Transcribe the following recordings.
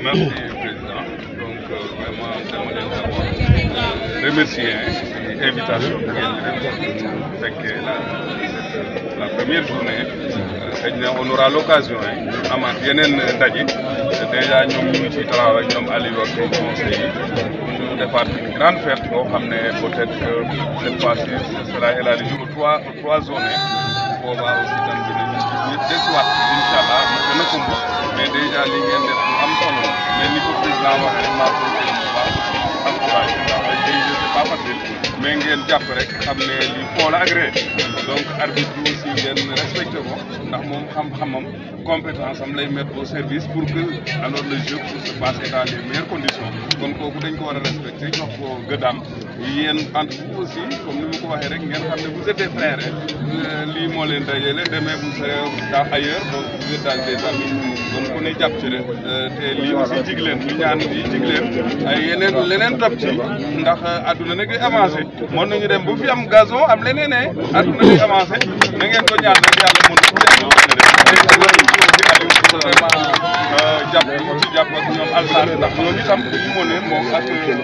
Merci, Président. Donc, euh, vraiment, d'abord remercier l'invitation. Hein, la première journée euh, on aura l'occasion à hein, déjà nous ñu une grande fête donc, peut-être que cette fois sera élargi aux trois trois zones aussi mais déjà mais ni ko président waxee rek maa ngi baax encouragé ndax mais ngeen jàpp rek xam ne li foo la agréé donc arbitre bi aussi ngeen respecté ko ndax moom xam-xamam compétence am lay mettre au service pour que alors le jeu puisse se passer dans les conditions kon kooku dañ ko war a respecté jox ko gëdaam yéen entre aussi comme nous ma ko waxee rek ngeen xamné vous êtes des frères lii moo leen dajale demee bu seree daa ailleurs donc vous êtes dans des amis kon ku ne japp ci rek té li aussi diglène ñu ñaan yi diglène ay yenen lenen top ci ndax aduna nak ay avancé mo nañu dem bu fi am gazon am leneen aduna ay di avancé na ngeen ko ñaan rek yalla mo ñu ko jàpp ak ñoom alxames ndax ñooñu tam bu ñu mënee moom ak monsieur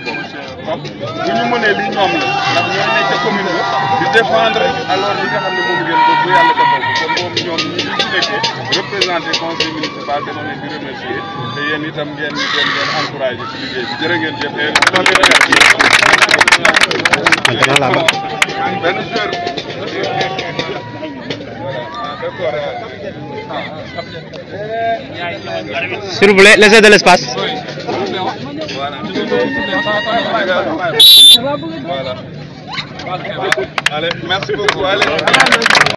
Kopp bu ñu mënee li ñoom la ndax ñooy nekk ca commune ba di défendre alors li nga xam ne moom ngeen bëgg bu ko kon moom ñoom ñu ngi nekkee représenté conseil municipal dama leen di remercier te yéen itam ngeen ngeen ngeen encouragé ci liggéey bi jërë ngeen jëf. S'il vous plaît, laissez de l'espace. Voilà. Allez, merci beaucoup. Allez.